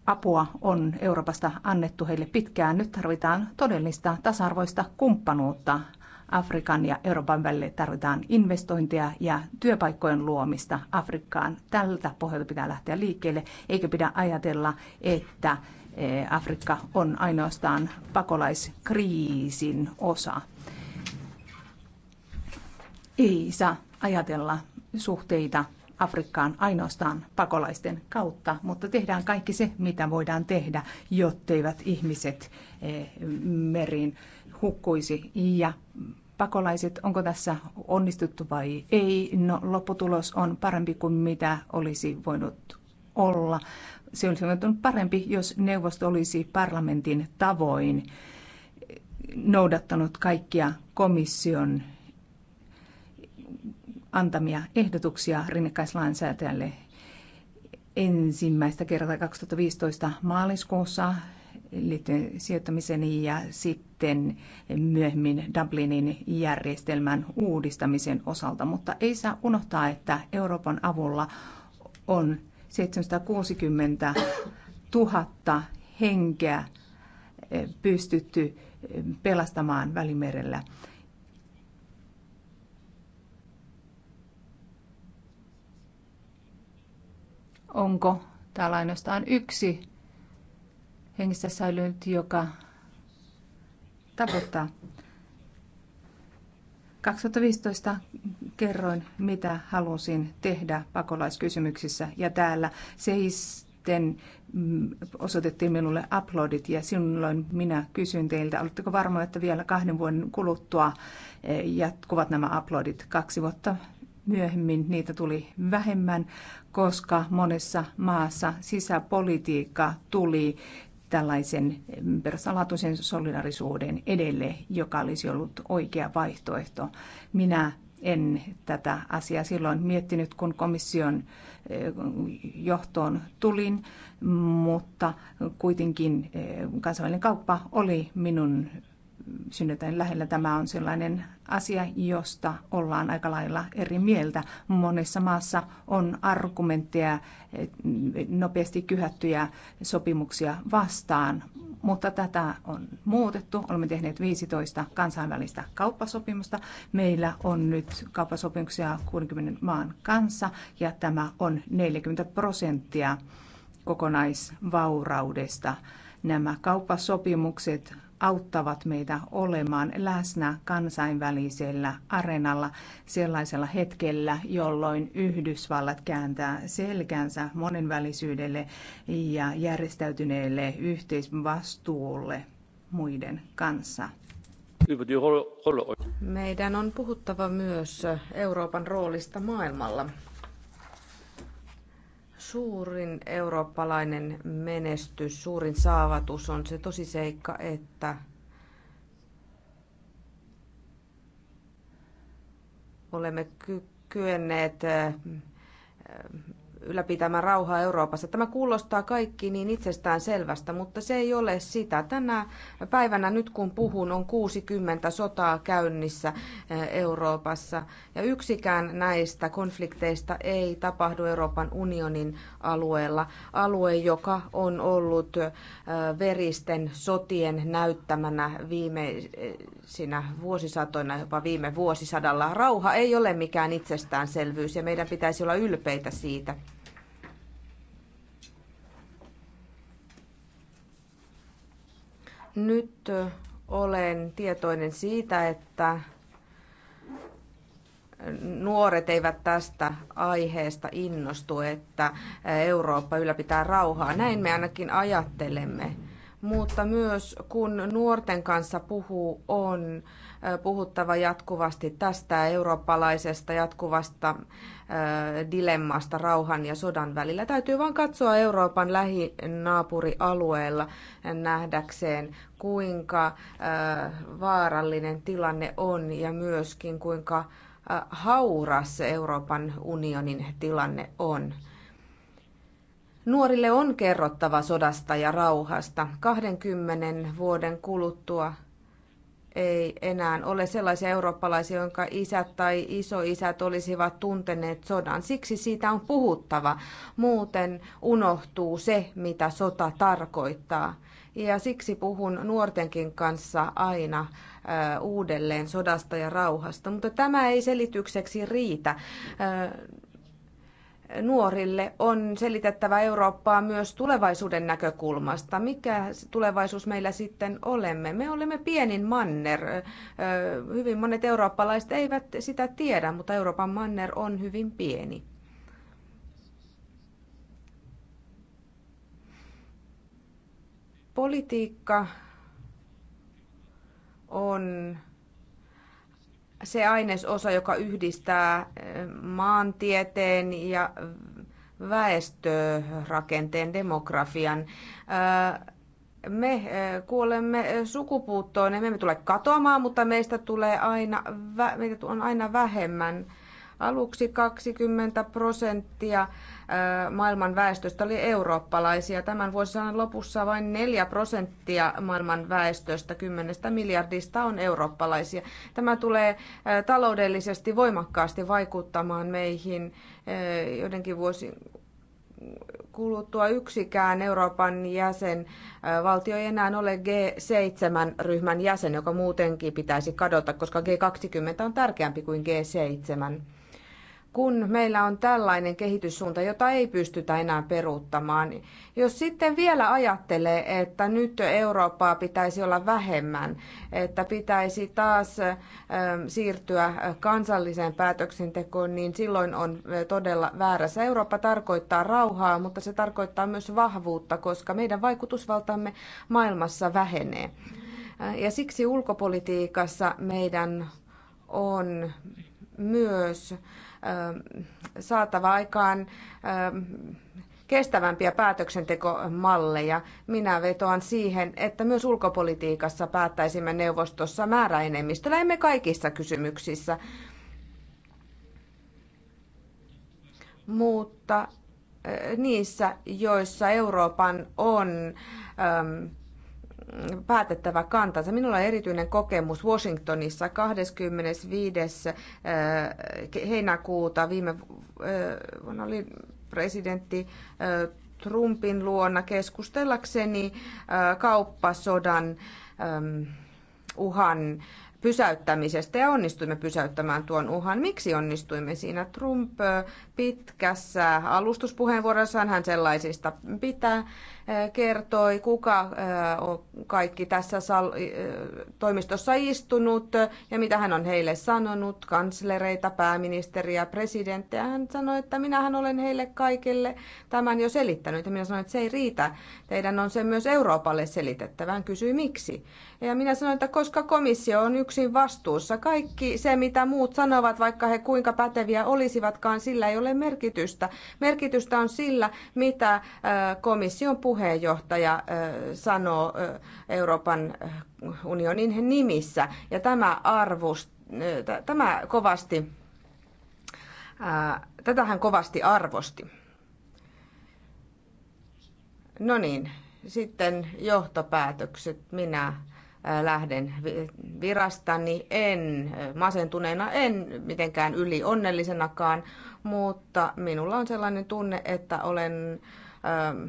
Apua on Euroopasta annettu heille pitkään. Nyt tarvitaan todellista tasa-arvoista kumppanuutta Afrikan ja Euroopan välille tarvitaan investointeja ja työpaikkojen luomista Afrikkaan. Tältä pohjalta pitää lähteä liikkeelle, eikä pidä ajatella, että eh, Afrikka on ainoastaan pakolaiskriisin osa. Ei saa ajatella suhteita Afrikkaan ainoastaan pakolaisten kautta, mutta tehdään kaikki se, mitä voidaan tehdä, jotteivät ihmiset eh, meriin hukkuisi ja pakolaiset, onko tässä onnistuttu vai ei. No, lopputulos on parempi kuin mitä olisi voinut olla. Se olisi voinut parempi, jos neuvosto olisi parlamentin tavoin noudattanut kaikkia komission antamia ehdotuksia rinnakkaislainsäätäjälle ensimmäistä kertaa 2015 maaliskuussa liittyen sijoittamiseen ja sitten myöhemmin Dublinin järjestelmän uudistamisen osalta. Mutta ei saa unohtaa, että Euroopan avulla on 760 000 henkeä eh, pystytty eh, pelastamaan Välimerellä. Onko täällä ainoastaan yksi hengissä säilynyt, joka tavoittaa. 2015 kerroin, mitä halusin tehdä pakolaiskysymyksissä ja täällä seisten mm, osoitettiin minulle uploadit ja silloin minä kysyin teiltä, oletteko varma, että vielä kahden vuoden kuluttua e, jatkuvat nämä uploadit kaksi vuotta myöhemmin niitä tuli vähemmän, koska monessa maassa sisäpolitiikka tuli tällaisen mm, perusalaatuisen solidarisuuden edelle, joka olisi ollut oikea vaihtoehto. Minä en tätä asiaa silloin miettinyt, kun komission eh, johtoon tulin, mutta kuitenkin eh, kansainvälinen kauppa oli minun synnytäin lähellä. Tämä on sellainen asia, josta ollaan aika lailla eri mieltä. Monessa maassa on argumentteja eh, nopeasti kyhättyjä sopimuksia vastaan, mutta tätä on muutettu. Olemme tehneet 15 kansainvälistä kauppasopimusta. Meillä on nyt kauppasopimuksia 60 maan kanssa ja tämä on 40 prosenttia kokonaisvauraudesta. Nämä kauppasopimukset auttavat meitä olemaan läsnä kansainvälisellä areenalla sellaisella hetkellä, jolloin Yhdysvallat kääntää selkänsä monenvälisyydelle ja järjestäytyneelle yhteisvastuulle muiden kanssa. Meidän on puhuttava myös Euroopan roolista maailmalla. Suurin eurooppalainen menestys, suurin saavatus on se tosiseikka, että olemme ky- kyenneet äh, ylläpitämään rauhaa Euroopassa. Tämä kuulostaa kaikki niin itsestään selvästä, mutta se ei ole sitä. Tänä päivänä nyt kun puhun on 60 sotaa käynnissä eh, Euroopassa ja yksikään näistä konflikteista ei tapahdu Euroopan unionin alueella. Alue, joka on ollut eh, veristen sotien näyttämänä viimeisinä vuosisatoina, jopa viime vuosisadalla. Rauha ei ole mikään itsestäänselvyys ja meidän pitäisi olla ylpeitä siitä. Nyt olen tietoinen siitä, että nuoret eivät tästä aiheesta innostu, että Eurooppa ylläpitää rauhaa. Näin me ainakin ajattelemme mutta myös kun nuorten kanssa puhuu, on puhuttava jatkuvasti tästä eurooppalaisesta jatkuvasta dilemmasta rauhan ja sodan välillä. Täytyy vain katsoa Euroopan lähinaapurialueella nähdäkseen, kuinka vaarallinen tilanne on ja myöskin kuinka hauras Euroopan unionin tilanne on. Nuorille on kerrottava sodasta ja rauhasta. 20 vuoden kuluttua ei enää ole sellaisia eurooppalaisia, jonka isät tai isoisät olisivat tunteneet sodan. Siksi siitä on puhuttava. Muuten unohtuu se, mitä sota tarkoittaa. Ja siksi puhun nuortenkin kanssa aina uudelleen sodasta ja rauhasta. Mutta tämä ei selitykseksi riitä nuorille on selitettävä Eurooppaa myös tulevaisuuden näkökulmasta. Mikä tulevaisuus meillä sitten olemme? Me olemme pienin manner. Hyvin monet eurooppalaiset eivät sitä tiedä, mutta Euroopan manner on hyvin pieni. Politiikka on se ainesosa, joka yhdistää eh, maantieteen ja väestörakenteen, demografian. Eh, me eh, kuolemme sukupuuttoon, emme tule katoamaan, mutta meistä tulee aina, meitä on aina vähemmän. Aluksi 20 prosenttia maailman väestöstä oli eurooppalaisia. Tämän vuosisadan lopussa vain 4 prosenttia maailman väestöstä 10 miljardista on eurooppalaisia. Tämä tulee taloudellisesti voimakkaasti vaikuttamaan meihin joidenkin vuosi kuluttua yksikään Euroopan jäsen valtio ei enää ole G7-ryhmän jäsen, joka muutenkin pitäisi kadota, koska G20 on tärkeämpi kuin G7 kun meillä on tällainen kehityssuunta, jota ei pystytä enää peruuttamaan. Jos sitten vielä ajattelee, että nyt Eurooppaa pitäisi olla vähemmän, että pitäisi taas siirtyä kansalliseen päätöksentekoon, niin silloin on todella väärässä. Eurooppa tarkoittaa rauhaa, mutta se tarkoittaa myös vahvuutta, koska meidän vaikutusvaltamme maailmassa vähenee. Ja siksi ulkopolitiikassa meidän on myös saatava aikaan kestävämpiä päätöksentekomalleja. Minä vetoan siihen, että myös ulkopolitiikassa päättäisimme neuvostossa määräenemmistöllä, emme kaikissa kysymyksissä. Mutta niissä, joissa Euroopan on päätettävä kantansa. Minulla on erityinen kokemus Washingtonissa 25. heinäkuuta viime vuonna oli presidentti Trumpin luona keskustellakseni kauppasodan uhan pysäyttämisestä ja onnistuimme pysäyttämään tuon uhan. Miksi onnistuimme siinä? Trump pitkässä alustuspuheenvuorossaan hän sellaisista pitää kertoi, kuka on kaikki tässä toimistossa istunut ja mitä hän on heille sanonut, kanslereita, pääministeriä, presidenttejä. Hän sanoi, että minähän olen heille kaikille tämän jo selittänyt. Ja minä sanoin, että se ei riitä. Teidän on se myös Euroopalle selitettävä. Hän kysyi, miksi. Ja minä sanoin, että koska komissio on yksin vastuussa, kaikki se, mitä muut sanovat, vaikka he kuinka päteviä olisivatkaan, sillä ei ole merkitystä. Merkitystä on sillä, mitä komission puheenjohtaja puheenjohtaja sanoo Euroopan unionin nimissä. Ja tämä, arvost, tämä kovasti, tätä hän kovasti arvosti. No niin, sitten johtopäätökset. Minä lähden virastani, en masentuneena, en mitenkään yli onnellisenakaan, mutta minulla on sellainen tunne, että olen ähm,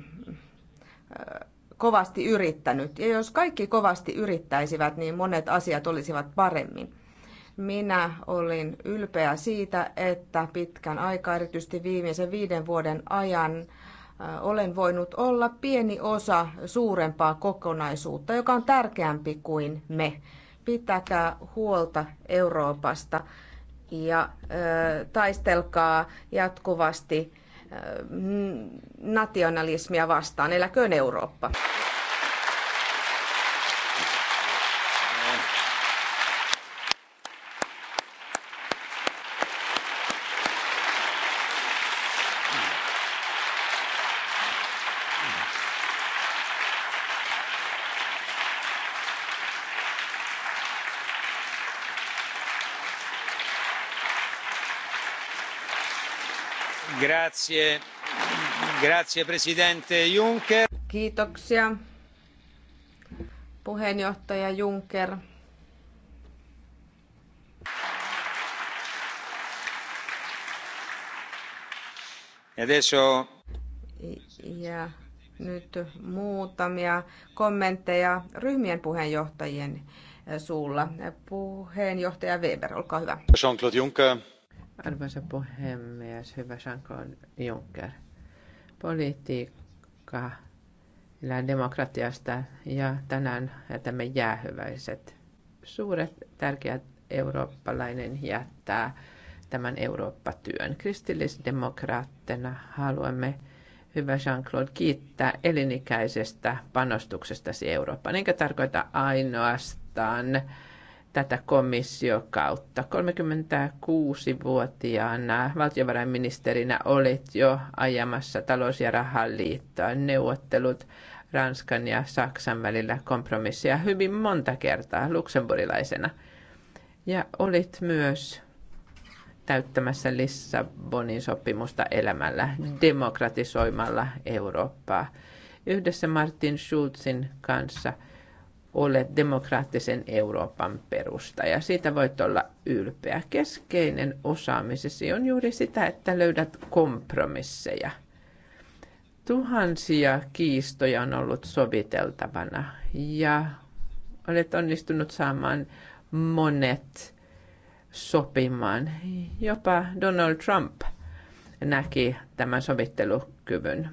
kovasti yrittänyt. Ja jos kaikki kovasti yrittäisivät, niin monet asiat olisivat paremmin. Minä olin ylpeä siitä, että pitkän aikaa, erityisesti viimeisen viiden vuoden ajan, olen voinut olla pieni osa suurempaa kokonaisuutta, joka on tärkeämpi kuin me. Pitäkää huolta Euroopasta ja taistelkaa jatkuvasti Äh, nationalismia vastaan. Eläköön Eurooppa! arvoisa puhemies Kiitoksia puheenjohtaja Juncker. Ja nyt muutamia kommentteja ryhmien puheenjohtajien suulla. Puheenjohtaja Weber, olkaa hyvä. Jean-Claude Juncker, Arvoisa puhemies, hyvä Jean-Claude Juncker. Politiikka elää demokratiasta ja tänään jätämme jäähyväiset. Suuret, tärkeät eurooppalainen jättää tämän Eurooppa-työn. Kristillisdemokraattina haluamme, hyvä Jean-Claude, kiittää elinikäisestä panostuksestasi Eurooppaan, enkä tarkoita ainoastaan tätä komissiokautta. 36-vuotiaana valtiovarainministerinä olit jo ajamassa talous- ja rahaliittoa, neuvottelut Ranskan ja Saksan välillä kompromissia hyvin monta kertaa luksemburilaisena. Ja olit myös täyttämässä Lissabonin sopimusta elämällä, demokratisoimalla Eurooppaa. Yhdessä Martin Schulzin kanssa – ole demokraattisen Euroopan perusta ja siitä voit olla ylpeä. Keskeinen osaamisesi on juuri sitä, että löydät kompromisseja. Tuhansia kiistoja on ollut soviteltavana ja olet onnistunut saamaan monet sopimaan. Jopa Donald Trump näki tämän sovittelukyvyn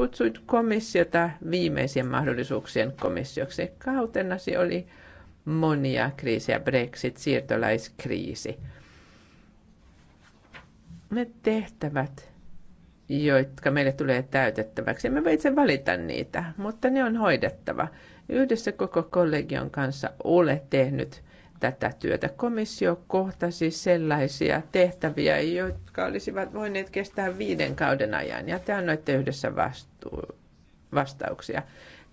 kutsuit komissiota viimeisen mahdollisuuksien komissioksi. Kautenasi oli monia kriisejä, Brexit, siirtolaiskriisi. Ne tehtävät, jotka meille tulee täytettäväksi, me voi itse valita niitä, mutta ne on hoidettava. Yhdessä koko kollegion kanssa ole tehnyt tätä työtä. Komissio kohtasi sellaisia tehtäviä, jotka olisivat voineet kestää viiden kauden ajan, ja te annoitte yhdessä vastuun vastauksia.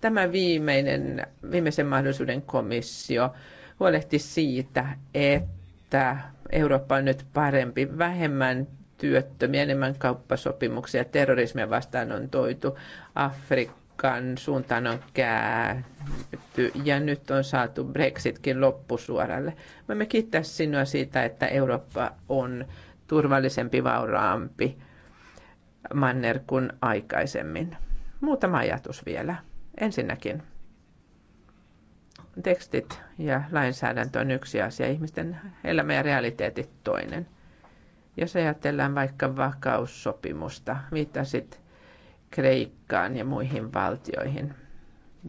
Tämä viimeinen, viimeisen mahdollisuuden komissio huolehti siitä, että Eurooppa on nyt parempi, vähemmän työttömiä, enemmän kauppasopimuksia, terrorismia vastaan on toitu, Afrikan suuntaan on käänty ja nyt on saatu Brexitkin loppusuoralle. Voimme kiittää sinua siitä, että Eurooppa on turvallisempi, vauraampi Manner kuin aikaisemmin. Muutama ajatus vielä. Ensinnäkin tekstit ja lainsäädäntö on yksi asia, ihmisten elämä ja realiteetit toinen. Jos ajatellaan vaikka vakaussopimusta, viittasit Kreikkaan ja muihin valtioihin.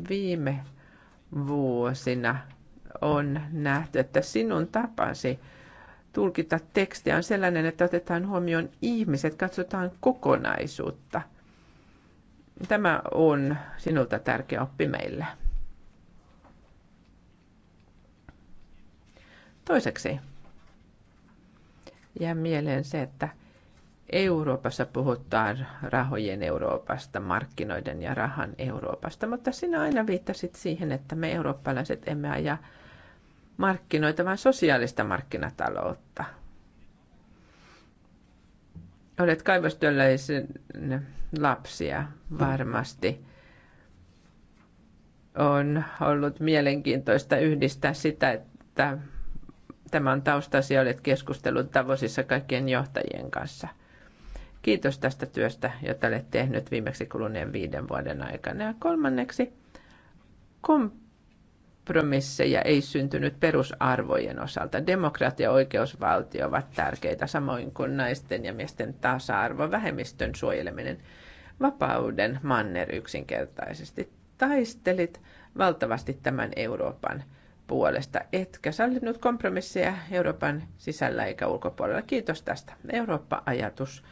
Viime vuosina on nähty, että sinun tapasi tulkita tekstiä on sellainen, että otetaan huomioon ihmiset, katsotaan kokonaisuutta. Tämä on sinulta tärkeä oppi meille. Toiseksi jää mieleen se, että Euroopassa puhutaan rahojen Euroopasta, markkinoiden ja rahan Euroopasta, mutta sinä aina viittasit siihen, että me eurooppalaiset emme aja markkinoita, vaan sosiaalista markkinataloutta. Olet kaivostyöläisen lapsia varmasti. On ollut mielenkiintoista yhdistää sitä, että tämän taustasi olet keskustellut tavoisissa kaikkien johtajien kanssa. Kiitos tästä työstä, jota olet tehnyt viimeksi kuluneen viiden vuoden aikana. Ja kolmanneksi, kom- kompromisseja ei syntynyt perusarvojen osalta. Demokratia ja oikeusvaltio ovat tärkeitä, samoin kuin naisten ja miesten tasa-arvo, vähemmistön suojeleminen, vapauden manner yksinkertaisesti. Taistelit valtavasti tämän Euroopan puolesta, etkä sallinut kompromisseja Euroopan sisällä eikä ulkopuolella. Kiitos tästä. Eurooppa-ajatus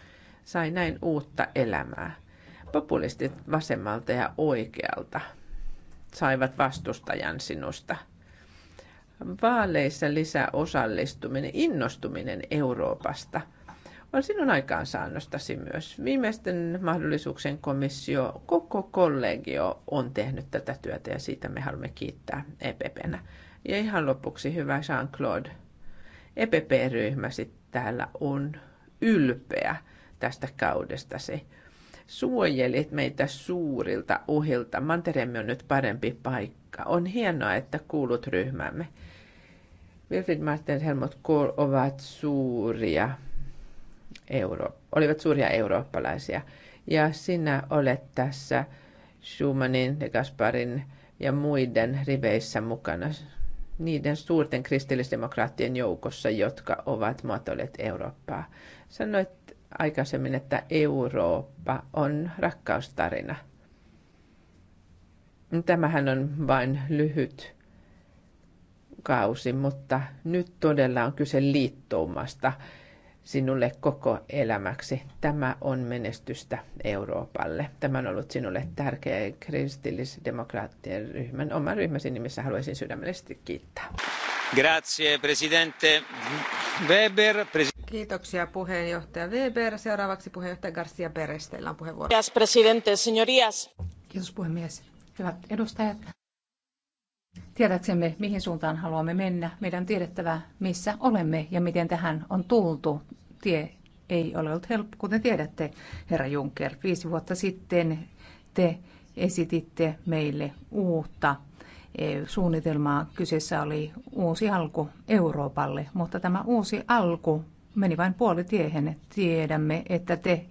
sai näin uutta elämää. Populistit vasemmalta ja oikealta saivat vastustajan sinusta. Vaaleissa lisää osallistuminen, innostuminen Euroopasta on sinun aikaansaannostasi myös. Viimeisten mahdollisuuksien komissio, koko kollegio on tehnyt tätä työtä ja siitä me haluamme kiittää EPPnä. Ja ihan lopuksi hyvä Jean-Claude, EPP-ryhmäsi täällä on ylpeä tästä kaudestasi suojelit meitä suurilta uhilta. Mantereemme on nyt parempi paikka. On hienoa, että kuulut ryhmämme. Wilfried Martin Helmut Kohl ovat suuria euro, olivat suuria eurooppalaisia. Ja sinä olet tässä Schumannin, de Gasparin ja muiden riveissä mukana niiden suurten kristillisdemokraattien joukossa, jotka ovat muotoilleet Eurooppaa. Sanoit aikaisemmin, että Eurooppa on rakkaustarina. Tämähän on vain lyhyt kausi, mutta nyt todella on kyse liittoumasta sinulle koko elämäksi. Tämä on menestystä Euroopalle. Tämä on ollut sinulle tärkeä kristillisdemokraattien ryhmän, oman ryhmäsi nimissä haluaisin sydämellisesti kiittää. Grazie, presidente Weber. Pres- Kiitoksia puheenjohtaja Weber. Seuraavaksi puheenjohtaja Garcia Perez, teillä on puheenvuoro. Kiitos puhemies. Hyvät edustajat. Tiedäksemme, mihin suuntaan haluamme mennä. Meidän on tiedettävä, missä olemme ja miten tähän on tultu. Tie ei ole ollut helppo, kuten tiedätte, herra Juncker. Viisi vuotta sitten te esititte meille uutta suunnitelmaa. Kyseessä oli uusi alku Euroopalle, mutta tämä uusi alku meni vain puoli tiehen. Tiedämme, että te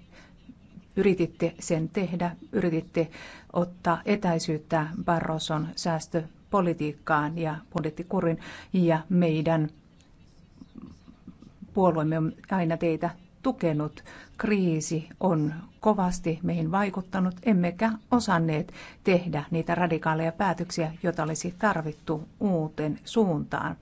yrititte sen tehdä, yrititte ottaa etäisyyttä Barroson säästöpolitiikkaan ja budjettikurin ja meidän puolueemme on aina teitä tukenut. Kriisi on kovasti meihin vaikuttanut, emmekä osanneet tehdä niitä radikaaleja päätöksiä, joita olisi tarvittu uuteen suuntaan.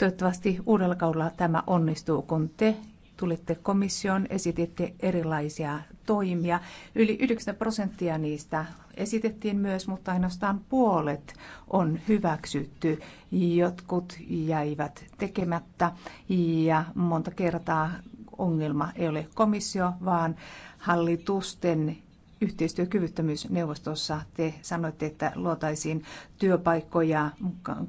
Toivottavasti uudella kaudella tämä onnistuu, kun te tulitte komissioon, esititte erilaisia toimia. Yli 90 prosenttia niistä esitettiin myös, mutta ainoastaan puolet on hyväksytty. Jotkut jäivät tekemättä ja monta kertaa ongelma ei ole komissio, vaan hallitusten yhteistyökyvyttömyys neuvostossa. Te sanoitte, että luotaisiin työpaikkoja,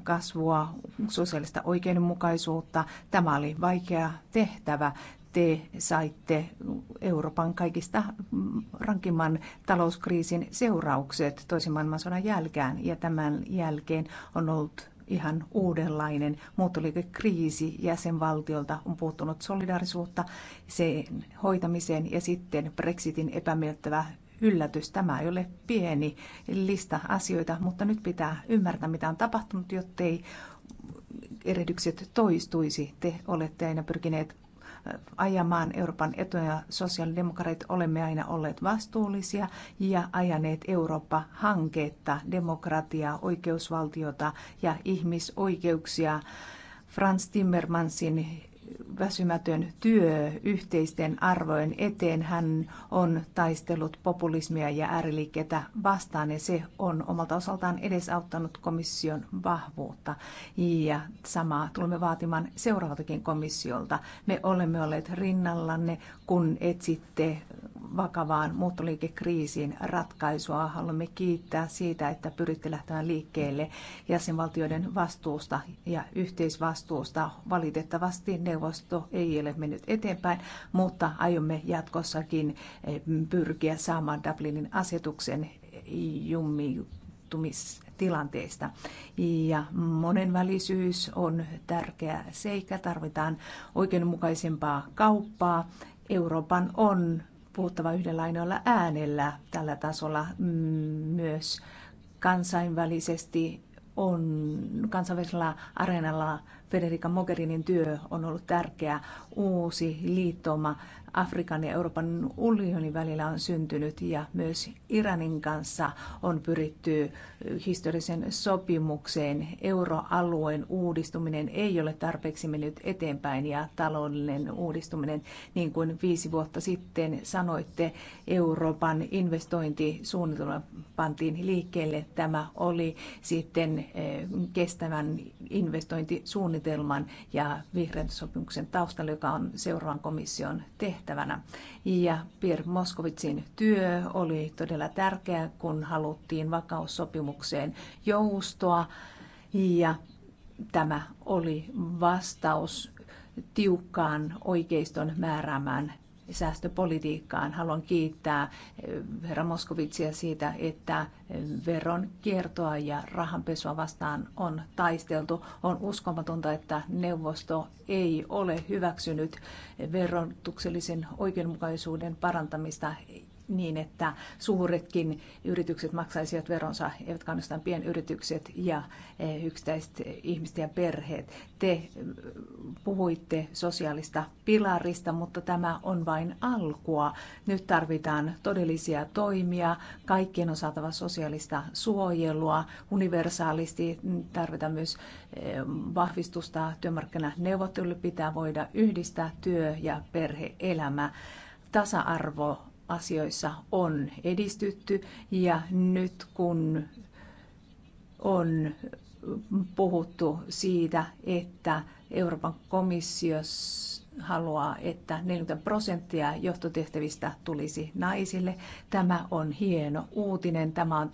kasvua, sosiaalista oikeudenmukaisuutta. Tämä oli vaikea tehtävä te saitte Euroopan kaikista rankimman talouskriisin seuraukset toisen maailmansodan jälkeen ja tämän jälkeen on ollut ihan uudenlainen muuttoliikekriisi jäsenvaltiolta on puuttunut solidarisuutta sen hoitamiseen ja sitten Brexitin epämiellyttävä yllätys. Tämä ei ole pieni lista asioita, mutta nyt pitää ymmärtää, mitä on tapahtunut, jottei erehdykset toistuisi. Te olette aina pyrkineet äh, ajamaan Euroopan etuja. Sosiaalidemokraatit olemme aina olleet vastuullisia ja ajaneet Eurooppa-hanketta, demokratiaa, oikeusvaltiota ja ihmisoikeuksia. Franz Timmermansin väsymätön työ yhteisten arvojen eteen. Hän on taistellut populismia ja ääriliikkeitä vastaan ja se on omalta osaltaan edesauttanut komission vahvuutta. Ja samaa tulemme vaatimaan seuraavaltakin komissiolta. Me olemme olleet rinnallanne kun etsitte vakavaan muuttoliikekriisiin ratkaisua. Haluamme kiittää siitä, että pyritte lähtemään liikkeelle jäsenvaltioiden vastuusta ja yhteisvastuusta. Valitettavasti neuvosto ei ole mennyt eteenpäin, mutta aiomme jatkossakin eh, pyrkiä saamaan Dublinin asetuksen tilanteesta. Ja monenvälisyys on tärkeä seikka. Tarvitaan oikeudenmukaisempaa kauppaa Euroopan on puhuttava yhdellä ainoalla äänellä tällä tasolla mm, myös kansainvälisesti on kansainvälisellä areenalla Federica Mogherinin työ on ollut tärkeä. Uusi liittoma Afrikan ja Euroopan unionin välillä on syntynyt ja myös Iranin kanssa on pyritty historiallisen sopimukseen. Euroalueen uudistuminen ei ole tarpeeksi mennyt eteenpäin ja taloudellinen uudistuminen, niin kuin viisi vuotta sitten sanoitte, Euroopan investointisuunnitelma pantiin liikkeelle. Tämä oli sitten eh, kestävän investointisuunnitelma suunnitelman ja vihreän sopimuksen taustalla, joka on seuraavan komission tehtävänä. Ja Pierre Moskovitsin työ oli todella tärkeä, kun haluttiin vakaussopimukseen joustoa ja tämä oli vastaus tiukkaan oikeiston määräämään säästöpolitiikkaan. Haluan kiittää eh, herra Moskovitsia siitä, että eh, veron kiertoa ja rahanpesua vastaan on taisteltu. On uskomatonta, että neuvosto ei ole hyväksynyt verotuksellisen oikeudenmukaisuuden parantamista niin, että suuretkin yritykset maksaisivat veronsa, eivätkä ainoastaan pienyritykset ja e, yksittäiset ihmiset ja perheet. Te e, puhuitte sosiaalista pilarista, mutta tämä on vain alkua. Nyt tarvitaan todellisia toimia. Kaikkien on saatava sosiaalista suojelua. Universaalisti tarvitaan myös e, vahvistusta työmarkkinaneuvottelulle. Pitää voida yhdistää työ- ja perhe-elämä tasa-arvo asioissa on edistytty ja nyt kun on puhuttu siitä, että Euroopan komissio haluaa, että 40 prosenttia johtotehtävistä tulisi naisille. Tämä on hieno uutinen. Tämä on